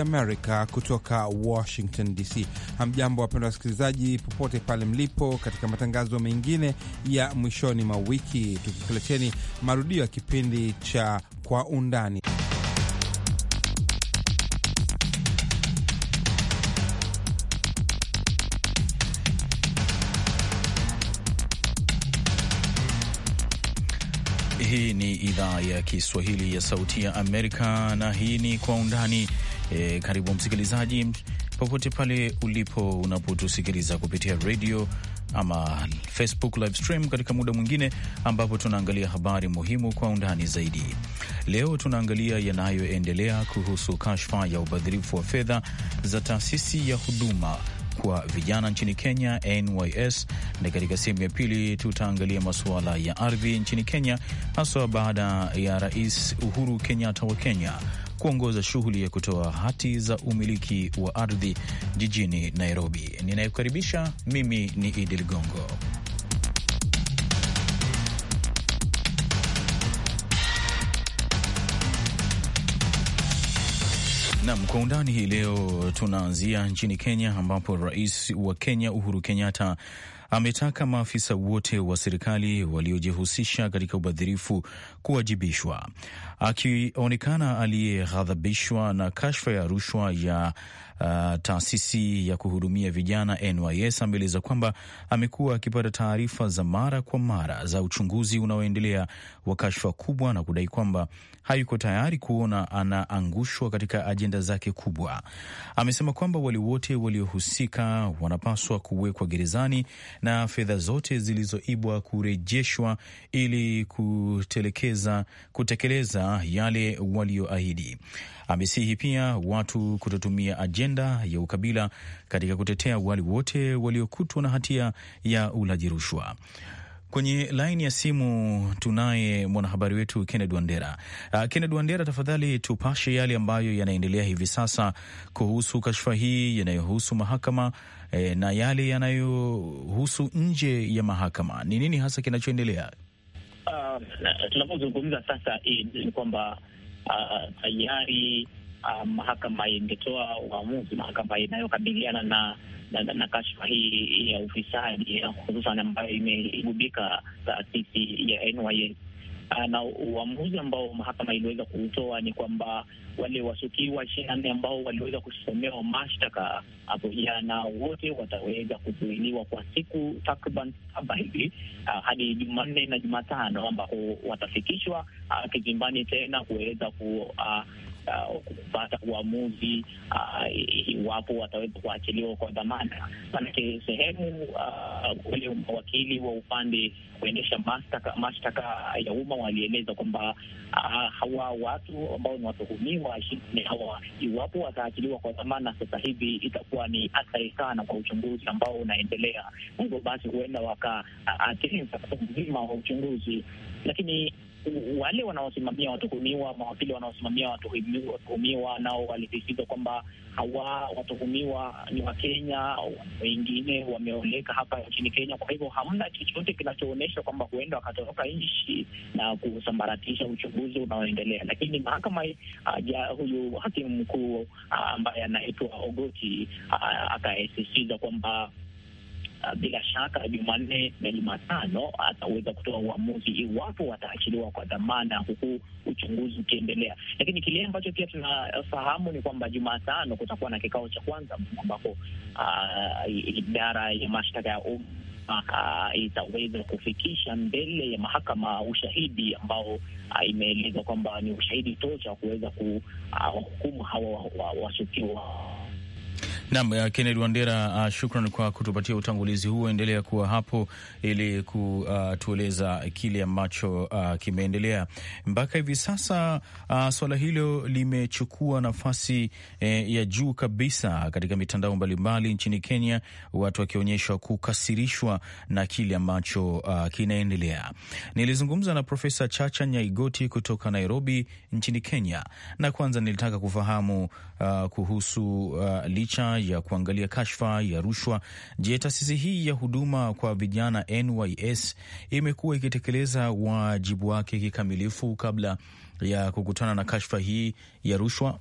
Amerika kutoka Washington DC. Hamjambo wapendwa wasikilizaji, popote pale mlipo, katika matangazo mengine ya mwishoni mwa wiki, tukikuleteni marudio ya kipindi cha Kwa Undani. Hii ni idhaa ya Kiswahili ya Sauti ya Amerika na hii ni Kwa Undani. E, karibu msikilizaji, popote pale ulipo unapotusikiliza kupitia radio ama Facebook live stream, katika muda mwingine ambapo tunaangalia habari muhimu kwa undani zaidi. Leo tunaangalia yanayoendelea kuhusu kashfa ya ubadhirifu wa fedha za taasisi ya huduma kwa vijana nchini Kenya, NYS, na katika sehemu ya pili tutaangalia masuala ya ardhi nchini Kenya, haswa baada ya Rais Uhuru Kenyatta wa Kenya kuongoza shughuli ya kutoa hati za umiliki wa ardhi jijini Nairobi. Ninayekukaribisha mimi ni Idi Ligongo. Nam kwa undani hii leo tunaanzia nchini Kenya, ambapo rais wa Kenya Uhuru Kenyatta ametaka maafisa wote wa serikali waliojihusisha katika ubadhirifu kuwajibishwa, akionekana aliyeghadhabishwa na kashfa ya rushwa ya uh, taasisi ya kuhudumia vijana NYS ameeleza kwamba amekuwa akipata taarifa za mara kwa mara za uchunguzi unaoendelea wa kashfa kubwa na kudai kwamba hayuko tayari kuona anaangushwa katika ajenda zake kubwa. Amesema kwamba wale wote waliohusika wanapaswa kuwekwa gerezani na fedha zote zilizoibwa kurejeshwa ili kutelekeza kutekeleza yale walioahidi. Amesihi pia watu kutotumia ajenda ajenda ya ukabila katika kutetea wale wote waliokutwa na hatia ya ulaji rushwa. Kwenye laini ya simu tunaye mwanahabari wetu Kennedy Wandera. Uh, Kennedy Wandera, tafadhali tupashe yale ambayo yanaendelea hivi sasa kuhusu kashfa hii yanayohusu mahakama eh, na yale yanayohusu nje ya mahakama. Ni nini hasa kinachoendelea? Uh, ah, tunavyozungumza sasa eh, ni kwamba ah, tayari uh, mahakama ingetoa uamuzi, mahakama inayokabiliana na na, na, na kashfa hii ya ufisadi hususan ambayo imeigubika taasisi ya NYS ah, na uamuzi ambao mahakama iliweza kutoa ni kwamba wale wasukiwa ishirini na nne ambao waliweza kusomewa mashtaka hapo jana wote wataweza kuzuiliwa kwa siku takriban saba hivi ah, hadi Jumanne na Jumatano, ambapo watafikishwa kizimbani tena kuweza ku uh, kupata uamuzi uh, iwapo wataweza kuachiliwa kwa dhamana. Manake sehemu uh, ule mawakili wa upande kuendesha mashtaka ya umma walieleza kwamba uh, hawa watu ambao ni watuhumiwa ishirini hawa iwapo wataachiliwa kwa dhamana sasa hivi itakuwa ni athari sana kwa uchunguzi ambao unaendelea, hivyo basi huenda wakaathiri uh, mzima wa uchunguzi, lakini wale wanaosimamia watuhumiwa, mawakili wanaosimamia watuhumiwa nao walisisitiza kwamba hawa watuhumiwa ni Wakenya, wengine wameoleka hapa nchini Kenya. Kwa hivyo hamna chochote kinachoonyesha kwamba huenda wakatoroka nchi na kusambaratisha uchunguzi unaoendelea. Lakini mahakama ah, ja, huyu hakimu mkuu ah, ambaye anaitwa Ogoti ah, akasisitiza kwamba uh, bila shaka Jumanne na Jumatano ataweza kutoa uamuzi iwapo wataachiliwa kwa dhamana, huku uchunguzi ukiendelea. Lakini kile ambacho pia tunafahamu ni kwamba Jumatano kutakuwa na kikao cha kwanza ambapo uh, idara ya mashtaka ya umma uh, itaweza kufikisha mbele ya mahakama ushahidi ambao uh, imeeleza kwamba ni ushahidi tosha wa kuweza kuwahukumu uh, hawa wasukiwa wa, wa Naam, eh, Kennedy Wandera, uh, shukran kwa kutupatia utangulizi huo. Endelea kuwa hapo ili kutueleza kile ambacho uh, kimeendelea mpaka hivi sasa. Uh, swala hilo limechukua nafasi eh, ya juu kabisa katika mitandao mbalimbali nchini Kenya, watu wakionyeshwa kukasirishwa na kile ambacho uh, kinaendelea. Nilizungumza na Profesa Chacha Nyaigoti kutoka Nairobi nchini Kenya, na kwanza nilitaka kufahamu uh, kuhusu uh, licha ya kuangalia kashfa ya rushwa. Je, taasisi hii ya huduma kwa vijana NYS imekuwa ikitekeleza wajibu wake kikamilifu kabla ya kukutana na kashfa hii ya rushwa?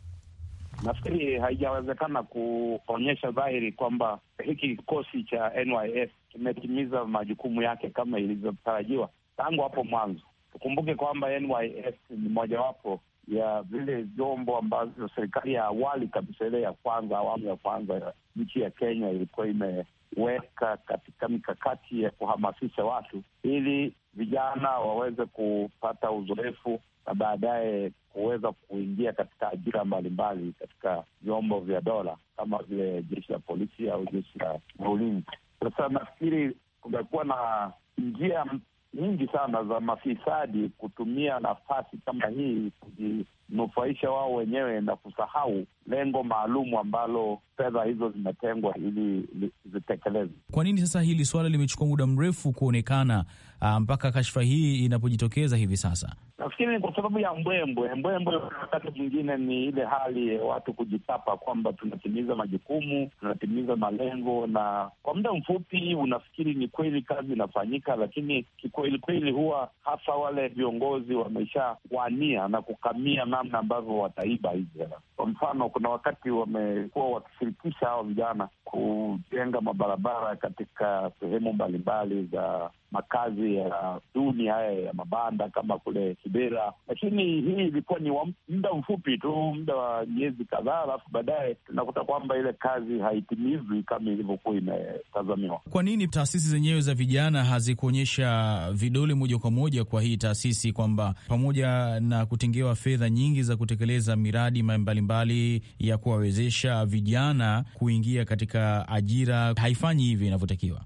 Nafikiri haijawezekana kuonyesha dhahiri kwamba hiki kikosi cha NYS kimetimiza majukumu yake kama ilivyotarajiwa tangu hapo mwanzo. Tukumbuke kwamba NYS ni mojawapo ya vile vyombo ambavyo serikali ya awali kabisa, ile ya kwanza, awamu ya kwanza ya nchi ya Kenya ilikuwa imeweka katika mikakati ya kuhamasisha watu ili vijana waweze kupata uzoefu na baadaye kuweza kuingia katika ajira mbalimbali katika vyombo vya dola kama vile jeshi la polisi au jeshi la ulinzi. Sasa nafikiri kumekuwa na njia nyingi sana za mafisadi kutumia nafasi kama hii kujinufaisha wao wenyewe na kusahau lengo maalum ambalo fedha hizo zimetengwa ili zitekelezwe. Kwa nini sasa hili suala limechukua muda mrefu kuonekana uh, mpaka kashfa hii inapojitokeza hivi sasa? Nafikiri ni kwa sababu ya mbwembwe mbwembwe. Wakati mwingine ni ile hali ya watu kujitapa kwamba tunatimiza majukumu, tunatimiza malengo, na kwa muda mfupi unafikiri ni kweli kazi inafanyika, lakini kikweli kweli huwa hasa wale viongozi wameshawania na kukamia namna ambavyo wataiba hizi hela. Kwa mfano, kuna wakati wamekuwa wakishirikisha hawa vijana kujenga mabarabara katika sehemu mbalimbali za makazi ya duni haya ya mabanda kama kule Kibera, lakini hii ilikuwa ni muda mfupi tu, muda wa miezi kadhaa, alafu baadaye tunakuta kwamba ile kazi haitimizwi kama ilivyokuwa imetazamiwa. Kwa nini taasisi zenyewe za vijana hazikuonyesha vidole moja kwa moja kwa hii taasisi kwamba pamoja na kutengewa fedha nyingi za kutekeleza miradi mbalimbali mbali ya kuwawezesha vijana kuingia katika ajira haifanyi hivi inavyotakiwa?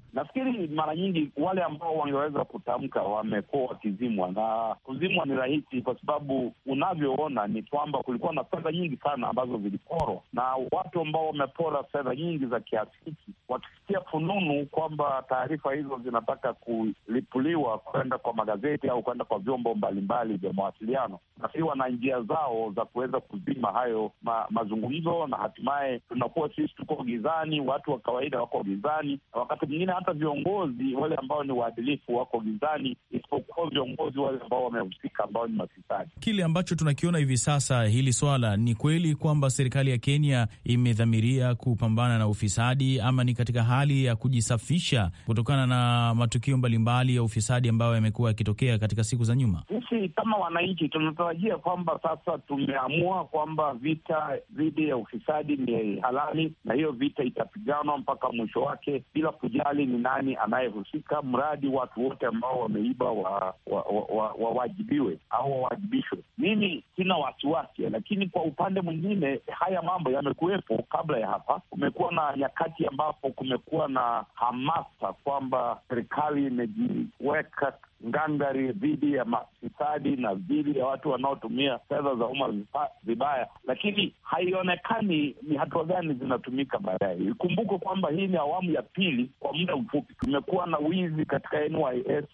mara nyingi wale ambao wangeweza kutamka wamekuwa wakizimwa, na kuzimwa ni rahisi, kwa sababu unavyoona ni kwamba kulikuwa na fedha nyingi sana ambazo ziliporwa na watu ambao wamepora fedha nyingi za kiasi hiki, wakisikia fununu kwamba taarifa hizo zinataka kulipuliwa kwenda kwa magazeti au kwenda kwa vyombo mbalimbali vya mawasiliano, nafikiri wana njia zao za kuweza kuzima hayo ma, mazungumzo na hatimaye tunakuwa sisi tuko gizani, watu wa kawaida wako gizani, wakati mwingine hata viongozi viongozi wale ambao ni waadilifu wako gizani, isipokuwa viongozi wale ambao wamehusika, ambao ni mafisadi. Kile ambacho tunakiona hivi sasa, hili swala ni kweli kwamba serikali ya Kenya imedhamiria kupambana na ufisadi, ama ni katika hali ya kujisafisha kutokana na matukio mbalimbali ya ufisadi ambayo yamekuwa yakitokea katika siku za nyuma? Sisi kama wananchi tunatarajia kwamba sasa tumeamua kwamba vita dhidi ya ufisadi ni halali, na hiyo vita itapiganwa mpaka mwisho wake bila kujali ni nani anayehusika, mradi watu wote ambao wameiba wawajibiwe wa, wa, wa, wa au wawajibishwe. Mimi sina wasiwasi, lakini kwa upande mwingine haya mambo yamekuwepo kabla ya hapa. Kumekuwa na nyakati ambapo kumekuwa na hamasa kwamba serikali imejiweka ngangari dhidi ya mafisadi na dhidi ya watu wanaotumia fedha za umma vibaya, lakini haionekani ni hatua gani zinatumika baadaye. Ikumbukwe kwamba hii ni awamu ya pili. Kwa muda mfupi tumekuwa na wizi katika NYS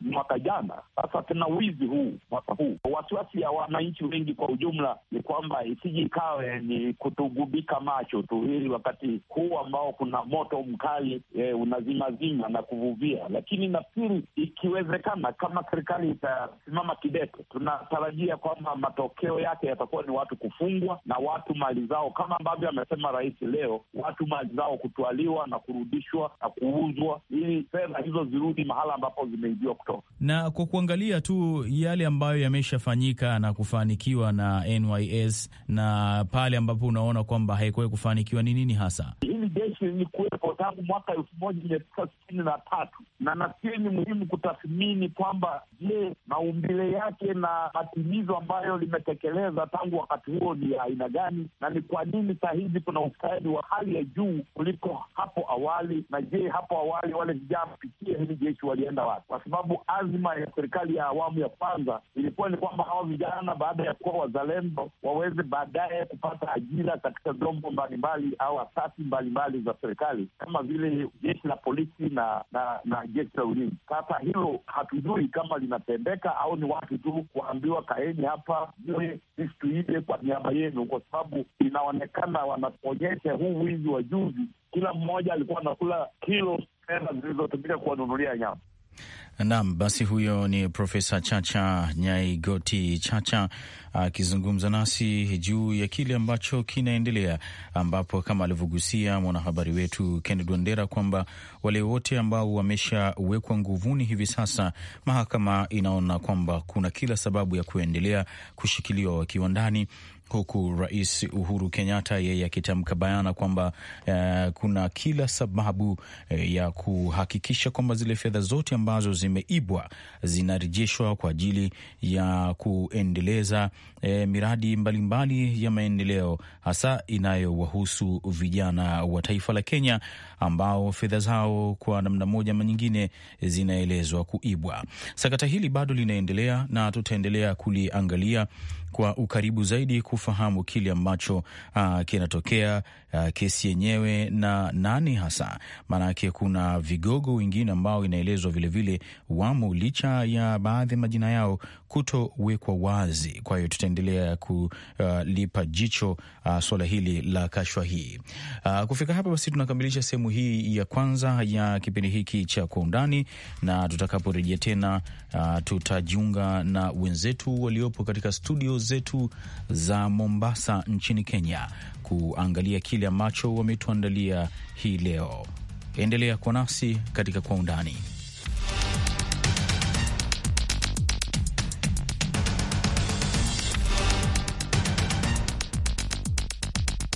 mwaka jana. Sasa tuna wizi huu mwaka huu. Wasiwasi ya wananchi wengi kwa ujumla ni kwamba isiji ikawe ni kutugubika macho tu, hili wakati huu ambao kuna moto mkali e, unazimazima na kuvuvia. Lakini nafikiri ikiwezekana, kama serikali itasimama kidete, tunatarajia kwamba matokeo yake yatakuwa ni watu kufungwa na watu mali zao, kama ambavyo amesema rais leo, watu mali zao kutwaliwa na kurudishwa na kuuzwa, ili fedha hizo zirudi mahala ambapo zimeibiwa watoto. Na kwa kuangalia tu yale ambayo yameshafanyika na kufanikiwa na NYS na pale ambapo unaona kwamba haikuwahi kufanikiwa ni nini hasa? Hili jeshi lilikuwepo tangu mwaka elfu moja mia tisa sitini na tatu na nafikiri ni muhimu kutathmini kwamba je, maumbile yake na matimizo ambayo limetekeleza tangu wakati huo ni ya aina gani, na ni kwa nini saa hizi kuna ustadi wa hali ya juu kuliko hapo awali? Na je, hapo awali wale vijana pikia hili jeshi walienda wapi? Kwa sababu azma ya serikali ya awamu ya kwanza ilikuwa ni kwamba hawa vijana baada ya kuwa wazalendo waweze baadaye kupata ajira katika vyombo mbalimbali au asasi mbalimbali za serikali kama vile jeshi la polisi na na, na jeshi la ulinzi. Sasa hilo hatujui kama linatendeka au ni watu tu kuambiwa kaeni hapa, mwe sisi tuibe kwa niaba yenu, kwa sababu inaonekana wanaonyesha huu wizi wa juzi, kila mmoja alikuwa anakula kilo fedha zilizotumika kuwanunulia nyama. Naam, basi huyo ni Profesa Chacha Nyaigoti Chacha akizungumza nasi juu ya kile ambacho kinaendelea, ambapo kama alivyogusia mwanahabari wetu Kennedy Wandera kwamba wale wote ambao wameshawekwa nguvuni hivi sasa, mahakama inaona kwamba kuna kila sababu ya kuendelea kushikiliwa wakiwa ndani huku Rais Uhuru Kenyatta yeye akitamka bayana kwamba uh, kuna kila sababu uh, ya kuhakikisha kwamba zile fedha zote ambazo zimeibwa zinarejeshwa kwa ajili ya kuendeleza eh, miradi mbalimbali mbali ya maendeleo hasa inayowahusu vijana wa taifa la Kenya ambao fedha zao kwa namna moja ama nyingine zinaelezwa kuibwa. Sakata hili bado linaendelea na tutaendelea kuliangalia kwa ukaribu zaidi kufahamu kile ambacho uh, kinatokea uh, kesi yenyewe na nani hasa, maanake kuna vigogo wengine ambao inaelezwa vilevile wamo, licha ya baadhi ya majina yao kutowekwa wazi. Kwa hiyo tutaendelea kulipa jicho uh, suala hili la kashfa hii. Uh, kufika hapa basi tunakamilisha sehemu hii ya kwanza ya kipindi hiki cha Kwa Undani, na tutakaporejea tena uh, tutajiunga na wenzetu waliopo katika studio zetu za Mombasa nchini Kenya kuangalia kile ambacho wametuandalia hii leo. Endelea kuwa nasi katika Kwa Undani.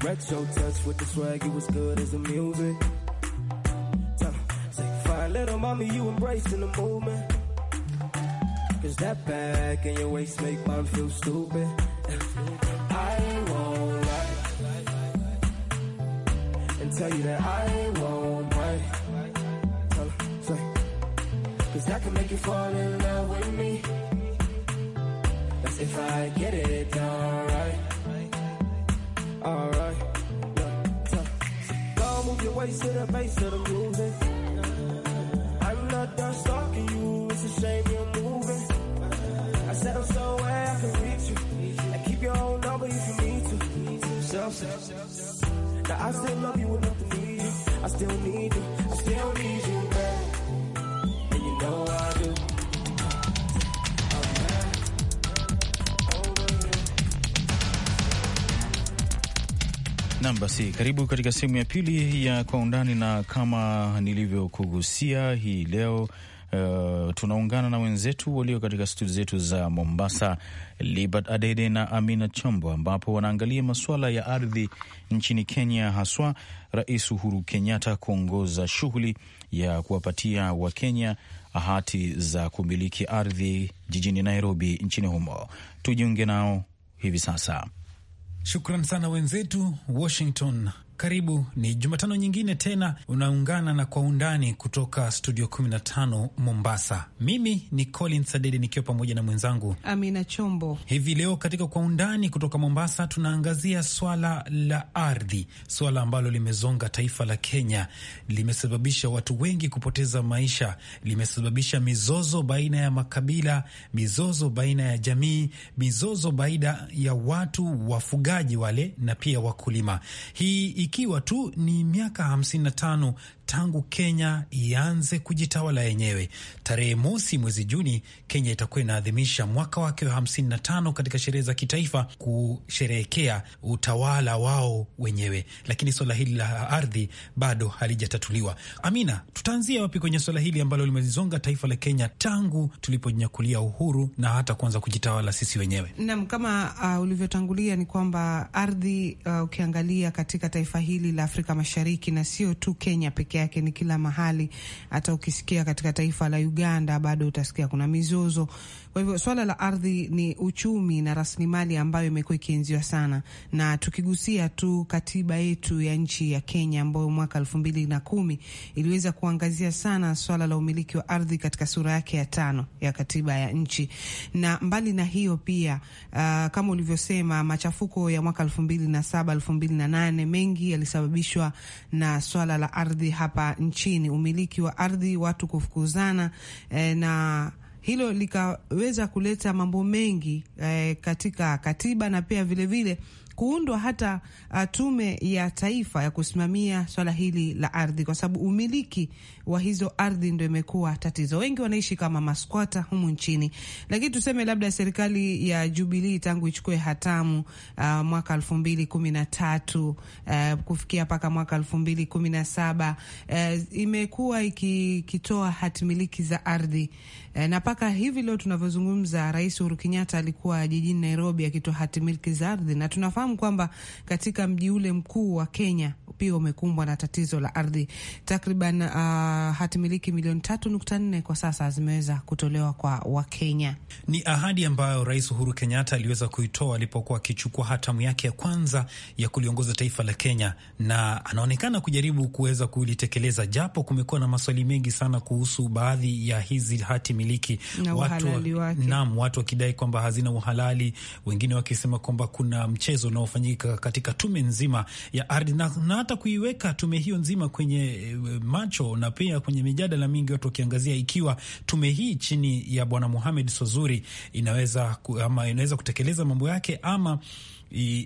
Retro touch with the swag, you was good as the music. Tell Say, fine little mommy, you embracing the movement. Cause that back and your waist make mom feel stupid. I won't lie. And tell you that I won't Tell wait. Cause that can make you fall in love with me. That's if I get it done right. Alright your waist to the base of the music. I'm not done stalking you, it's a shame you're moving. I said I'm somewhere I can reach you. I keep your own number if you need to. Selfish. Now I still love you enough to need you. I still need you, I still need you, man. Nam, basi karibu katika sehemu ya pili ya kwa undani, na kama nilivyokugusia hii leo uh, tunaungana na wenzetu walio katika studio zetu za Mombasa, Libert Adede na Amina Chombo, ambapo wanaangalia masuala ya ardhi nchini Kenya, haswa Rais Uhuru Kenyatta kuongoza shughuli ya kuwapatia Wakenya hati za kumiliki ardhi jijini Nairobi nchini humo. Tujiunge nao hivi sasa. Shukran sana wenzetu Washington. Karibu, ni Jumatano nyingine tena unaungana na Kwa Undani kutoka studio 15 Mombasa. Mimi ni Colin Sadede nikiwa pamoja na mwenzangu Amina Chombo. Hivi leo katika Kwa Undani kutoka Mombasa tunaangazia swala la ardhi, swala ambalo limezonga taifa la Kenya, limesababisha watu wengi kupoteza maisha, limesababisha mizozo baina ya makabila, mizozo baina ya jamii, mizozo baina ya watu wafugaji wale na pia wakulima. Hii ikiwa tu ni miaka 55 tangu Kenya ianze kujitawala yenyewe. Tarehe mosi mwezi Juni, Kenya itakuwa inaadhimisha mwaka wake wa 55 katika sherehe za kitaifa kusherehekea utawala wao wenyewe, lakini swala hili la ardhi bado halijatatuliwa. Amina, tutaanzia wapi kwenye swala hili ambalo limezizonga taifa la Kenya tangu tuliponyakulia uhuru na hata kuanza kujitawala sisi wenyewe? Naam, kama uh, ulivyotangulia ni kwamba ardhi, uh, ukiangalia katika taifa hili la Afrika Mashariki na sio tu Kenya peke yake ni kila mahali. Hata ukisikia katika taifa la Uganda bado utasikia kuna mizozo, kwa hivyo swala la ardhi ni uchumi na rasilimali ambayo imekuwa ikienziwa sana, na tukigusia tu katiba yetu ya nchi ya Kenya ambayo mwaka elfu mbili na kumi iliweza kuangazia sana swala la umiliki wa ardhi katika sura yake ya tano ya katiba ya nchi. Na mbali na hiyo pia, uh, kama ulivyosema, machafuko ya mwaka elfu mbili na saba elfu mbili na nane mengi yalisababishwa na swala la ardhi hapa nchini, umiliki wa ardhi, watu kufukuzana eh, na hilo likaweza kuleta mambo mengi eh, katika katiba na pia vilevile vile, kuundwa hata ah, tume ya taifa ya kusimamia swala hili la ardhi, kwa sababu umiliki wa hizo ardhi ndo imekuwa tatizo. Wengi wanaishi kama maskwata humu nchini, lakini tuseme labda serikali ya Jubilii tangu ichukue hatamu uh, mwaka elfu mbili kumi na tatu uh, kufikia mpaka mwaka elfu mbili kumi na saba uh, imekuwa ikitoa hatimiliki za ardhi E, na mpaka hivi leo tunavyozungumza, Rais Uhuru Kenyatta alikuwa jijini Nairobi akitoa hati miliki za ardhi, na tunafahamu kwamba katika mji ule mkuu wa Kenya pia umekumbwa na tatizo la ardhi. Takriban uh, ah, hati miliki milioni tatu nukta nne kwa sasa zimeweza kutolewa kwa Wakenya. Ni ahadi ambayo Rais Uhuru Kenyatta aliweza kuitoa alipokuwa akichukua hatamu yake ya kwanza ya kuliongoza taifa la Kenya, na anaonekana kujaribu kuweza kulitekeleza, japo kumekuwa na maswali mengi sana kuhusu baadhi ya hizi hati miliki wanamiliki na watu, naam, watu wakidai kwamba hazina uhalali, wengine wakisema kwamba kuna mchezo unaofanyika katika tume nzima ya ardhi na, na hata kuiweka tume hiyo nzima kwenye eh, macho na pia kwenye mijadala mingi, watu wakiangazia ikiwa tume hii chini ya Bwana Mohamed Sozuri inaweza ama inaweza kutekeleza mambo yake ama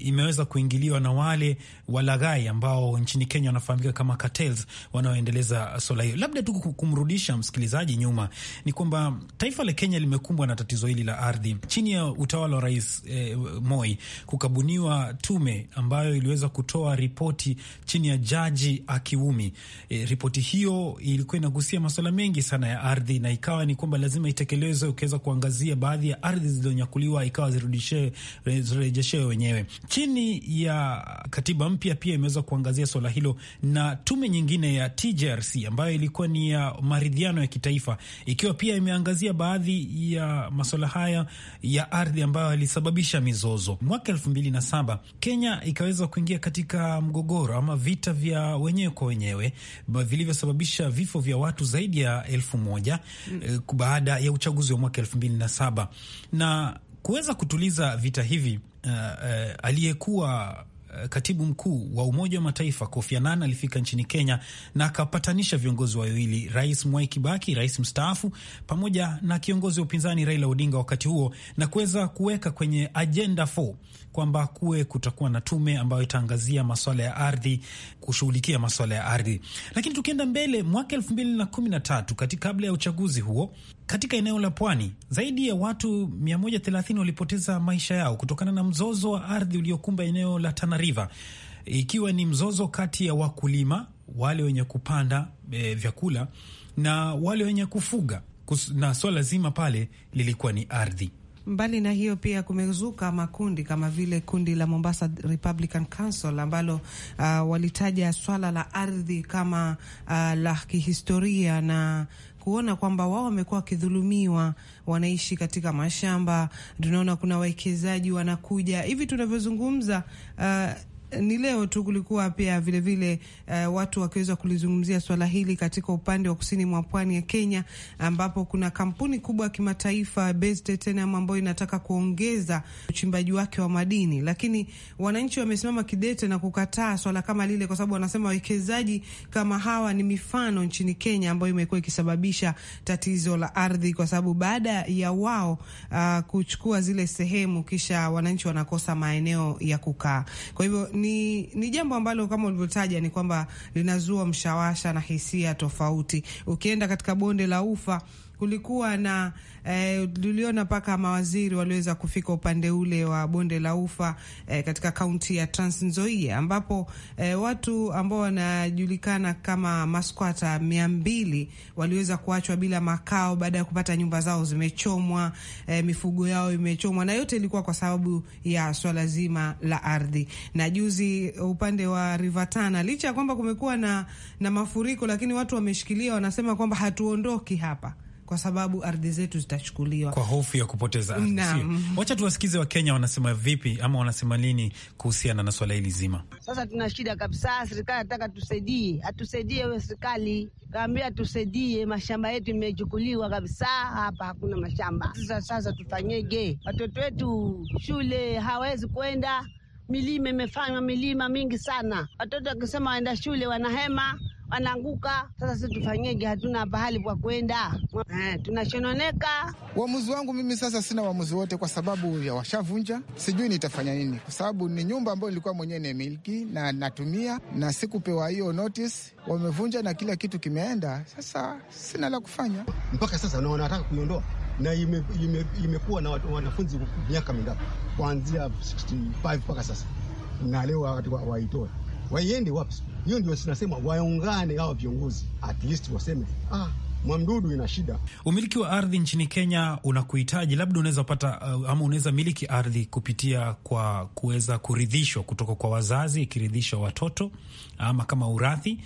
imeweza kuingiliwa na wale walaghai ambao nchini Kenya wanafahamika kama cartels wanaoendeleza swala hiyo. Labda tu kumrudisha msikilizaji nyuma, ni kwamba taifa la Kenya limekumbwa na tatizo hili la ardhi chini ya utawala wa Rais eh, Moi, kukabuniwa tume ambayo iliweza kutoa ripoti chini ya jaji Akiumi. Eh, ripoti hiyo ilikuwa inagusia masuala mengi sana ya ardhi, na ikawa ni kwamba lazima itekelezwe, ukiweza kuangazia baadhi ya ardhi zilizonyakuliwa, ikawa zirudishe zirejeshewe wenyewe yenyewe. Chini ya katiba mpya pia imeweza kuangazia swala hilo, na tume nyingine ya TJRC ambayo ilikuwa ni ya maridhiano ya kitaifa, ikiwa pia imeangazia baadhi ya maswala haya ya ardhi ambayo yalisababisha mizozo. Mwaka elfu mbili na saba Kenya ikaweza kuingia katika mgogoro ama vita vya wenyewe kwa wenyewe vilivyosababisha vifo vya watu zaidi ya elfu moja mm, eh, baada ya uchaguzi wa mwaka elfu mbili na saba na Kuweza kutuliza vita hivi, uh, uh, aliyekuwa uh, katibu mkuu wa Umoja wa Mataifa Kofi Annan alifika nchini Kenya na akapatanisha viongozi wawili, Rais Mwai Kibaki, rais mstaafu, pamoja na kiongozi wa upinzani Raila Odinga wakati huo, na kuweza kuweka kwenye ajenda 4 kwamba kuwe kutakuwa na tume ambayo itaangazia maswala ya ardhi, kushughulikia maswala ya ardhi. Lakini tukienda mbele, mwaka elfu mbili na kumi na tatu kati kabla ya uchaguzi huo, katika eneo la pwani zaidi ya watu 130 walipoteza maisha yao kutokana na mzozo wa ardhi uliokumba eneo la Tana River, ikiwa ni mzozo kati ya wakulima wale wenye kupanda e, vyakula na wale wenye kufuga na swala zima pale lilikuwa ni ardhi. Mbali na hiyo pia kumezuka makundi kama vile kundi la Mombasa Republican Council ambalo uh, walitaja swala la ardhi kama uh, la kihistoria na kuona kwamba wao wamekuwa wakidhulumiwa, wanaishi katika mashamba. Tunaona kuna wawekezaji wanakuja hivi tunavyozungumza, uh, ni leo tu kulikuwa pia vilevile vile, uh, watu wakiweza kulizungumzia swala hili katika upande wa kusini mwa pwani ya Kenya, ambapo kuna kampuni kubwa ya kimataifa Base Titanium ambayo inataka kuongeza uchimbaji wake wa madini, lakini wananchi wamesimama kidete na kukataa swala kama lile, kwa sababu wanasema wawekezaji kama hawa ni mifano nchini Kenya ambayo imekuwa ikisababisha tatizo la ardhi, kwa sababu baada ya wao uh, kuchukua zile sehemu, kisha wananchi wanakosa maeneo ya kukaa, kwa hivyo ni, ni jambo ambalo kama ulivyotaja ni kwamba linazua mshawasha na hisia tofauti. Ukienda katika bonde la ufa kulikuwa na eh, tuliona eh, mpaka mawaziri waliweza kufika upande ule wa bonde la ufa eh, katika kaunti ya Trans Nzoia ambapo eh, watu ambao wanajulikana kama maskwata mia mbili waliweza kuachwa bila makao baada ya kupata nyumba zao zimechomwa, eh, mifugo yao imechomwa, na yote ilikuwa kwa sababu ya swala zima la ardhi. Na juzi upande wa River Tana, licha ya kwamba kumekuwa na, na mafuriko, lakini watu wameshikilia, wanasema kwamba hatuondoki hapa kwa sababu ardhi zetu zitachukuliwa kwa hofu ya kupoteza ardhi. Wacha tuwasikize Wakenya wanasema vipi ama wanasema nini kuhusiana na swala hili zima. Sasa tuna shida kabisa, serikali nataka tusaidie, atusaidie we serikali, kaambia tusaidie, mashamba yetu imechukuliwa kabisa, hapa hakuna mashamba. Sasa sasa tufanyeje? Watoto wetu shule hawezi kwenda, milima imefanywa milima mingi sana, watoto wakisema waenda shule wanahema wanaanguka. Sasa sisi tufanyeje? Hatuna pahali pa kwenda, eh, tunashononeka. Uamuzi wangu mimi sasa sina uamuzi wote, kwa sababu ya washavunja, sijui nitafanya nini, kwa sababu ni nyumba ambayo nilikuwa mwenyewe miliki na natumia, na sikupewa hiyo notice. Wamevunja na kila kitu kimeenda, sasa sina la kufanya mpaka sasa, na wanataka kuiondoa na imekuwa na wanafunzi miaka mingapi, kuanzia 65 mpaka sasa, na leo waitoe wa waiende wapi? Hiyo ndio sinasema waungane hawa viongozi, at least waseme ah Mwamdudu ina shida. Umiliki wa ardhi nchini Kenya unakuhitaji labda, unaweza pata uh, ama unaweza miliki ardhi kupitia kwa kuweza kuridhishwa kutoka kwa wazazi, ikiridhisha watoto ama kama urathi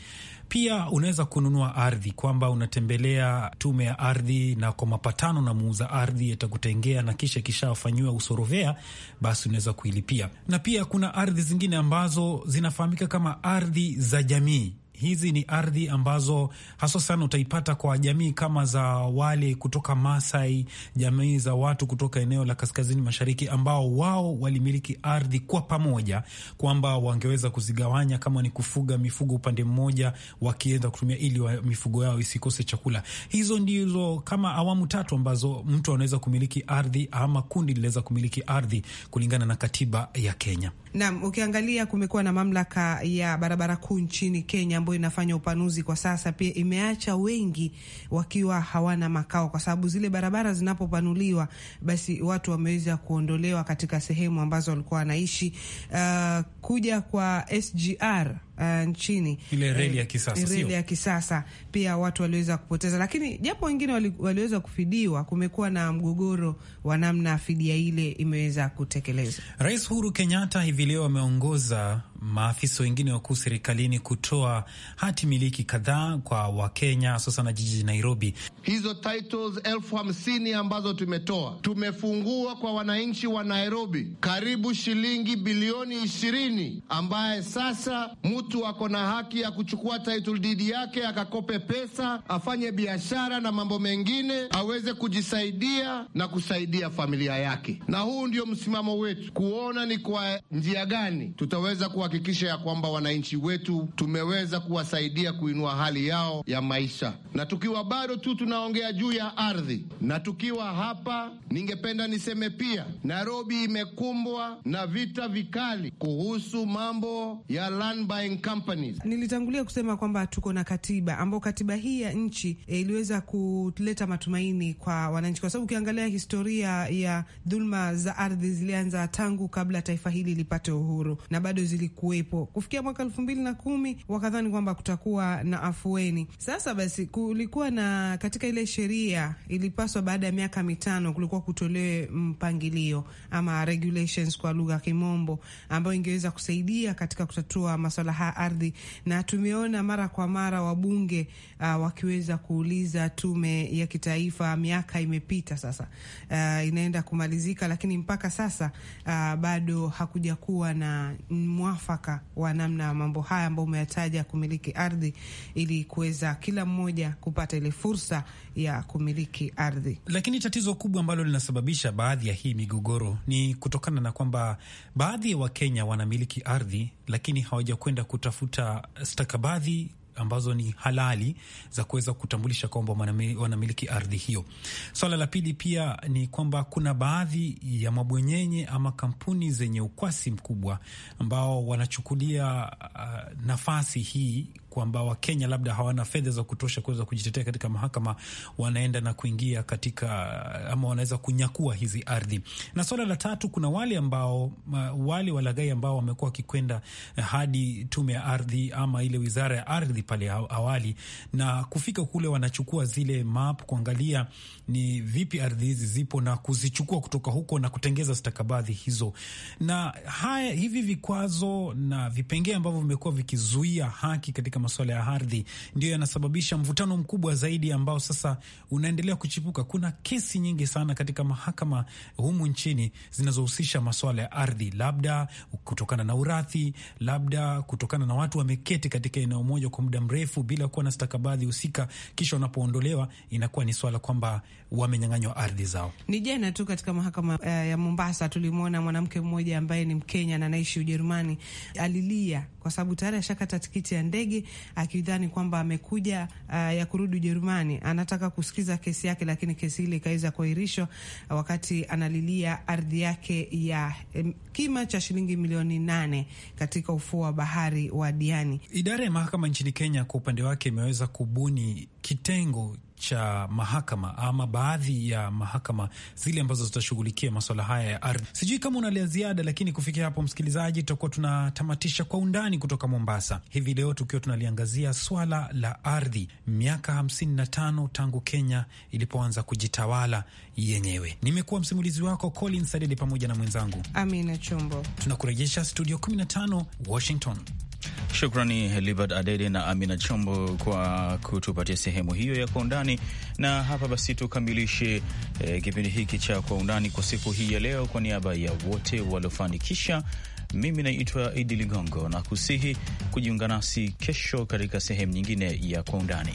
pia unaweza kununua ardhi kwamba unatembelea tume ya ardhi, na kwa mapatano na muuza ardhi atakutengea, na kisha ikishafanyiwa usorovea, basi unaweza kuilipia. Na pia kuna ardhi zingine ambazo zinafahamika kama ardhi za jamii hizi ni ardhi ambazo haswa sana utaipata kwa jamii kama za wale kutoka Masai, jamii za watu kutoka eneo la kaskazini mashariki, ambao wao walimiliki ardhi kwa pamoja, kwamba wangeweza kuzigawanya kama ni kufuga mifugo upande mmoja, wakienda kutumia ili wa mifugo yao isikose chakula. Hizo ndizo kama awamu tatu ambazo mtu anaweza kumiliki ardhi ama kundi linaweza kumiliki ardhi kulingana na katiba ya Kenya. Naam, ukiangalia kumekuwa na mamlaka ya barabara kuu nchini Kenya ambayo inafanya upanuzi kwa sasa pia imeacha wengi wakiwa hawana makao, kwa sababu zile barabara zinapopanuliwa, basi watu wameweza kuondolewa katika sehemu ambazo walikuwa wanaishi. Uh, kuja kwa SGR Uh, nchini ile reli eh, ya kisasa, reli ya kisasa pia watu waliweza kupoteza, lakini japo wengine wali, waliweza kufidiwa. Kumekuwa na mgogoro wa namna fidia ile imeweza kutekelezwa. Rais Uhuru Kenyatta hivi leo ameongoza maafisa wengine wakuu serikalini kutoa hati miliki kadhaa kwa Wakenya hasa jiji Nairobi. Hizo titles elfu hamsini ambazo tumetoa tumefungua kwa wananchi wa Nairobi karibu shilingi bilioni ishirini ambaye sasa mtu ako na haki ya kuchukua title deed yake akakope pesa afanye biashara na mambo mengine aweze kujisaidia na kusaidia familia yake, na huu ndio msimamo wetu kuona ni kwa njia gani tutaweza kuwa kuhakikisha ya kwamba wananchi wetu tumeweza kuwasaidia kuinua hali yao ya maisha. Na tukiwa bado tu tunaongea juu ya ardhi na tukiwa hapa, ningependa niseme pia Nairobi imekumbwa na vita vikali kuhusu mambo ya land buying companies. Nilitangulia kusema kwamba tuko na katiba ambao katiba hii ya nchi e, iliweza kuleta matumaini kwa wananchi, kwa sababu ukiangalia historia ya dhuluma za ardhi zilianza tangu kabla taifa hili lipate uhuru na bado zili kuwepo. Kufikia mwaka elfu mbili na kumi wakadhani kwamba kutakuwa na afueni. Sasa basi, kulikuwa na katika ile sheria ilipaswa baada ya miaka mitano kulikuwa kutolewe mpangilio ama regulations kwa lugha ya Kimombo ambayo ingeweza kusaidia katika kutatua maswala haya ardhi, na tumeona mara kwa mara wabunge uh, wakiweza kuuliza tume ya kitaifa. Miaka imepita sasa, uh, inaenda kumalizika, lakini mpaka sasa uh, bado hakuja kuwa na mwafu mwafaka wa namna mambo haya ambayo umeyataja, kumiliki ardhi, ili kuweza kila mmoja kupata ile fursa ya kumiliki ardhi. Lakini tatizo kubwa ambalo linasababisha baadhi ya hii migogoro ni kutokana na kwamba baadhi ya Wakenya wanamiliki ardhi, lakini hawajakwenda kutafuta stakabadhi ambazo ni halali za kuweza kutambulisha kwamba wanamiliki ardhi hiyo. Swala la pili pia ni kwamba kuna baadhi ya mabwenyenye ama kampuni zenye ukwasi mkubwa ambao wanachukulia uh, nafasi hii kwamba Wakenya labda hawana fedha za kutosha kuweza kujitetea katika mahakama, wanaenda na kuingia katika ama wanaweza kunyakua hizi ardhi. Na swala la tatu, kuna wale ambao wale walagai ambao wamekuwa wakikwenda eh, hadi tume ya ardhi ama ile wizara ya ardhi pale awali, na kufika kule wanachukua zile map kuangalia ni vipi ardhi hizi zipo na kuzichukua kutoka huko na kutengeza stakabadhi hizo. Na haya hivi vikwazo na vipengee ambavyo vimekuwa vikizuia haki katika masuala ya ardhi ndio yanasababisha mvutano mkubwa zaidi ambao sasa unaendelea kuchipuka. Kuna kesi nyingi sana katika mahakama humu nchini zinazohusisha masuala ya ardhi, labda kutokana na urathi, labda kutokana na watu wameketi katika eneo moja kwa muda mrefu bila kuwa na stakabadhi husika, kisha wanapoondolewa inakuwa ni swala kwamba wamenyang'anywa ardhi zao. Ni jana tu katika mahakama uh, ya Mombasa tulimwona mwanamke mmoja ambaye ni Mkenya na anaishi Ujerumani alilia kwa sababu tayari ashakata tikiti ya ndege akidhani kwamba amekuja uh, ya kurudi Ujerumani, anataka kusikiza kesi yake, lakini kesi ile ikaweza kuahirishwa wakati analilia ardhi yake ya em, kima cha shilingi milioni nane katika ufuo wa bahari wa Diani. Idara ya mahakama nchini Kenya kwa upande wake imeweza kubuni kitengo cha mahakama ama baadhi ya mahakama zile ambazo zitashughulikia maswala haya ya ardhi. Sijui kama una la ziada, lakini kufikia hapo, msikilizaji, tutakuwa tunatamatisha kwa undani kutoka Mombasa hivi leo, tukiwa tunaliangazia swala la ardhi, miaka 55 tangu Kenya ilipoanza kujitawala yenyewe. Nimekuwa msimulizi wako Colin Sadede pamoja na mwenzangu Amina Chumbo. Tunakurejesha studio 15 Washington. Shukrani Libert Adede na Amina Chombo kwa kutupatia sehemu hiyo ya Kwa Undani. Na hapa basi tukamilishe eh, kipindi hiki cha Kwa Undani kwa siku hii ya leo. Kwa niaba ya wote waliofanikisha, mimi naitwa Idi Ligongo na kusihi kujiunga nasi kesho katika sehemu nyingine ya Kwa Undani.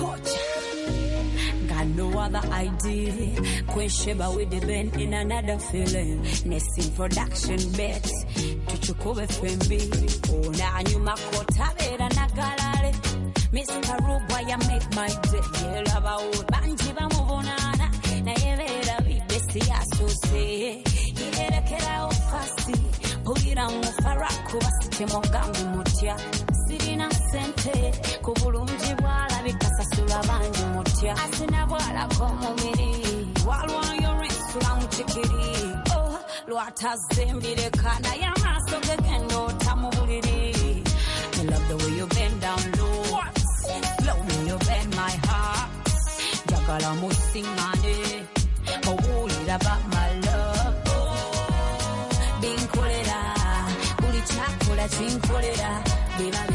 no other idea. Queen Kwesheba with the band in another feeling. Nessin production bet. Tuchukue FMB. Ona nyuma kotabera na galale. Mr. Ruba ya make my day. Yelaba wo banji bamubonana. Na yelera bibesi asose. Yerekera ofasi. Ulira mufarako basite mogamu omuhumiri walwayo yorisulamu kikiri I love the way you bend down low Slow when you bend my heart njagala musiŋŋane owulira oh, ba my love binkolera buli kyakola kinkolera bibala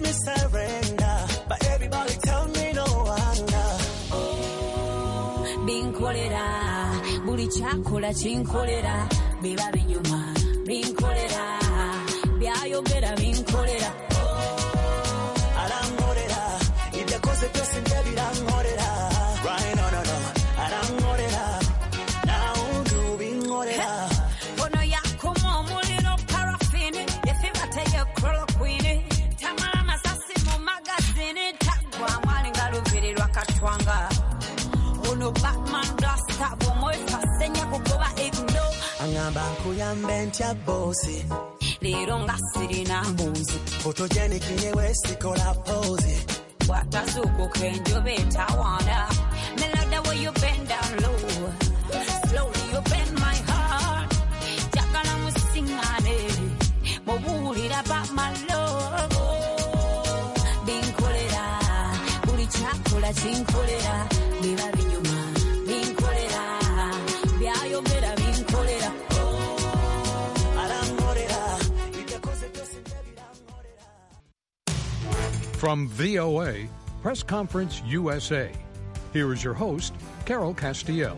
makes But everybody tell me no wonder. Oh, binkolera, buli chakola chinkolera, biba binyuma, binkolera, byayogera binkolera. Oh, arankorera, ibyakoze byose ndabira nkorera. Mugambe ntya boosi leero nga sirina mbunzi fotogenikine weesikola poozi bw'atazuukuka enjoba etawaana melada we you bend down low slowly you bend my heart njagala musiŋŋaane mubuulira ba maloobo binkolera buli kyakola kinkolera bibabi From VOA, Press Conference USA, here is your host, Carol Castiel.